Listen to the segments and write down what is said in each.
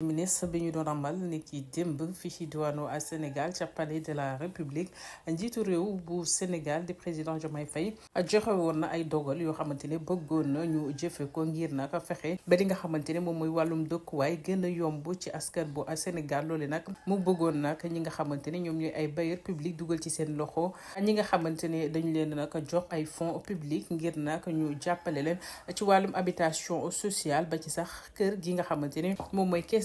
ministre bi ñu doon amal ni ki démb fii ci diwaanu à Sénégal ca palais de la République njiitu réew bu Sénégal di président Diomaye Faye joxe woon na ay dogal yoo xamante ne bëggoon na ñu jëfe ko ngir nag fexe ba li nga xamante ne moom mooy wàllum dëkkuwaay gën a yomb ci askan bu à Sénégal loole nag mu bëggoon nag ñi nga xamante ne ñoom ñooy ay bailleurs publique dugal ci seen loxo ñi nga xamante ne dañu leen nag jox ay fonds publics ngir nag ñu jàppale le ci wàllum habitation sociale ba ci sax kër gi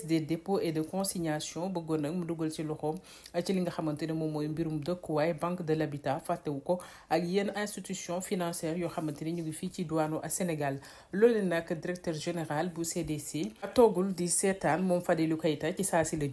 caisse des dépôts et de consignation bëggoon nag mu dugal ci loxoom ci li nga xamante ne moom mooy mbirum dëkkuwaay banque de l'habitat fàttewu ko ak yenn institution financière yoo xamante ni ñu ngi fii ci douane Sénégal loolu nag directeur général bu CDC toogul di seetaan moom Fadilou Keita ci saa si la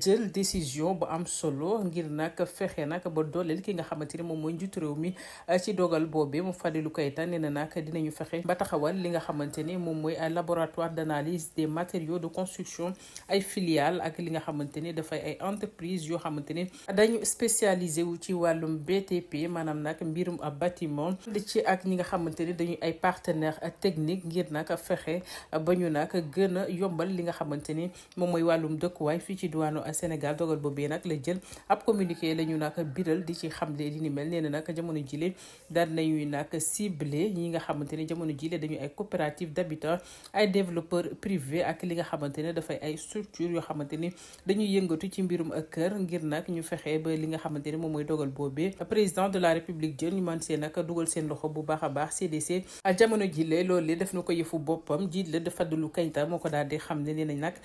jël décision bu am solo ngir nag fexe nag ba dooleel ki nga xamante ni moom mooy njiitu réew mi ci dogal boobee moom Fadilou Keita nee na nag dinañu fexe ba taxawal li nga xamante ni moom mooy laboratoire d'analyse des matériaux de construction ay filiale ak li nga xamante ne dafay ay entreprise yoo xamante ne dañu spécialisé wu ci wàllum BTP maanaam nag mbirum ab bâtiment di ci ak ñi nga xamante ne dañuy ay partenaire technique ngir nag fexe ba ñu nag gën yombal li nga xamante ni moom mooy wàllum dëkkuwaay fii ci diwaanu Sénégal dogal boobee nag la jël ab communiqué la ñu nag biral di ci xamle di ni mel nee na nag jamono jile daal nañuy nag ciblé ñi nga xamante ne jamono jile dañu ay coopérative d'habitat ay développeur privé ak li nga xamante dafay ay ay structure yoo xamante ni dañuy yëngatu ci mbirum kër ngir nag ñu fexe ba li nga xamante moom mooy dogal boobee président la république jël ñu mën see nag bu baax a baax CDC jamono jile loolee def na ko yëfu boppam jiit ko daal di xam ne nee nañ nag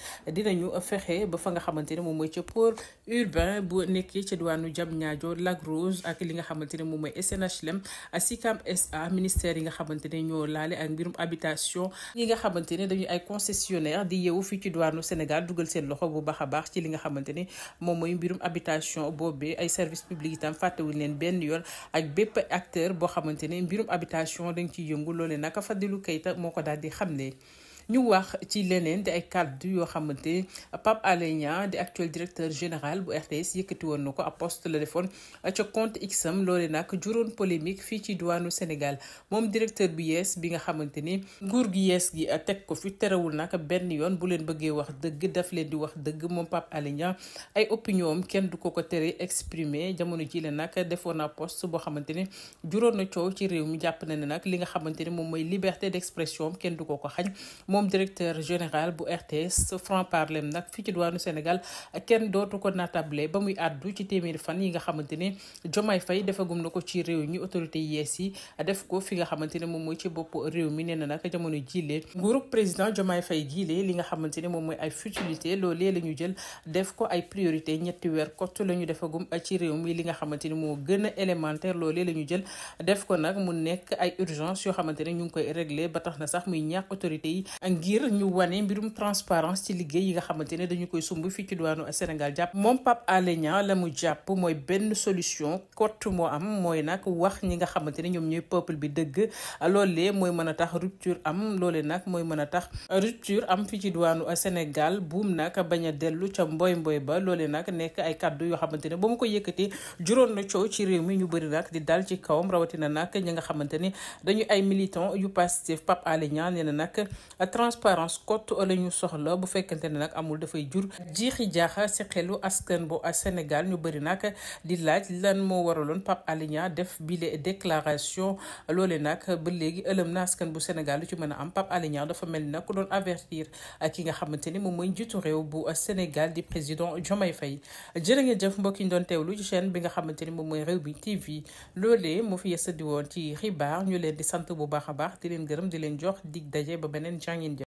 ba fa nga xamante ne moom mooy ca port urbain bu nekkee ca diwaanu Diamniadio Lac Rose ak li nga xamante ne moom mooy SNHLM SICAP SA ministère yi nga xamante ne ñoo laale ak mbirum habitation yi nga xamante ne ay concessionnaire di yeewu fii ci diwaanu Sénégal dugal seen loxo bu baax a baax ci li nga xamante ni moom mooy mbirum habitation boobee ay service public itam fàttewuñ leen benn yoon ak bépp acteur boo xamante ne mbirum habitation dañ ciy yëngu loole naka Fadilou Keita moo ko daal di xam ne ñu wax ci leneen di ay kàddu yoo xamante Pape Alé Niang di actuel directeur général bu RTS yëkkati woon na ko ab poste la defoon ca compte X loole nag juróon polémique fii ci diwaanu Sénégal moom directeur bi yees bi nga xamante ni nguur gi yees gi teg ko fi terewul nag benn yoon bu leen bëggee wax dëgg daf leen di wax dëgg moom Pape Alé Niang ay opinion am kenn du ko ko tere exprimer jamono ji leen nag defoon na poste boo xamante ni juróon na coow ci réew mi jàpp na ne nag li nga xamante ni moom mooy liberté d'expression kenn du ko ko xañ moom directeur général bu RTS franc parler nag fii ci diwaanu Sénégal kenn dootu ko natable ba muy àddu ci téeméeri fan yi nga xamante ne Jomaay Fay defagum na ko ci réew mi autorité yi yees yi def ko fi nga xamante ne moom mooy ci bopp réew mi nee na nag jamono jiile nguurug président Jomaay Fay jiile li nga xamante ne moom mooy ay futilité loolee la ñu jël def ko ay priorité ñetti weer cot la ñu defagum ci réew mi li nga xamante ni moo gën a élémentaire loolee la ñu jël def ko nag mu nekk ay urgence yoo xamante ne ñu ngi koy réglé ba tax na sax muy ñaax autorité yi ngir ñu wane mbirum transparence ci liggéey yi nga xamante ne dañu koy sumb fii ci diwaanu Sénégal jàpp moom Pape Alé Niang la mu jàpp mooy benn solution cotte moo am mooy nag wax ñi nga xamante ne ñoom ñooy peuple bi dëgg loolee mooy mën a tax rupture am loolee nag mooy mën a tax rupture am fii ci diwaanu Sénégal buum nag bañ a dellu ca mboy mboy ba loole nag nekk ay kaddu yoo xamante ne ba mu ko yëkkatee juróon na coow ci réew mi ñu bëri nak di dal ci kawam rawatina nag ñi nga xamante ne dañu ay militant yu Pastef transparence kott la ñu soxla bu fekkante ne nag amul dafay jur jiixi jaaxa si xelu askan bu Sénégal ñu bari nag di laaj lan moo waraloon Pape Alé Niang def bile déclaration loole nag ba léegi ëlëm na askan bu senegal lu ci mën a am Pape Alé dafa mel ni nag ku doon avertir ki nga xamante ni moom mooy njiitu réew bu Sénégal di président jomay Faye jërë ngeen jëf mbokk yi doon teewlu ci chaîne bi nga xamante ni moom mooy Rewmi TV loolee mu fi yësadi ci xibaar ñu leen baax a baax di Indian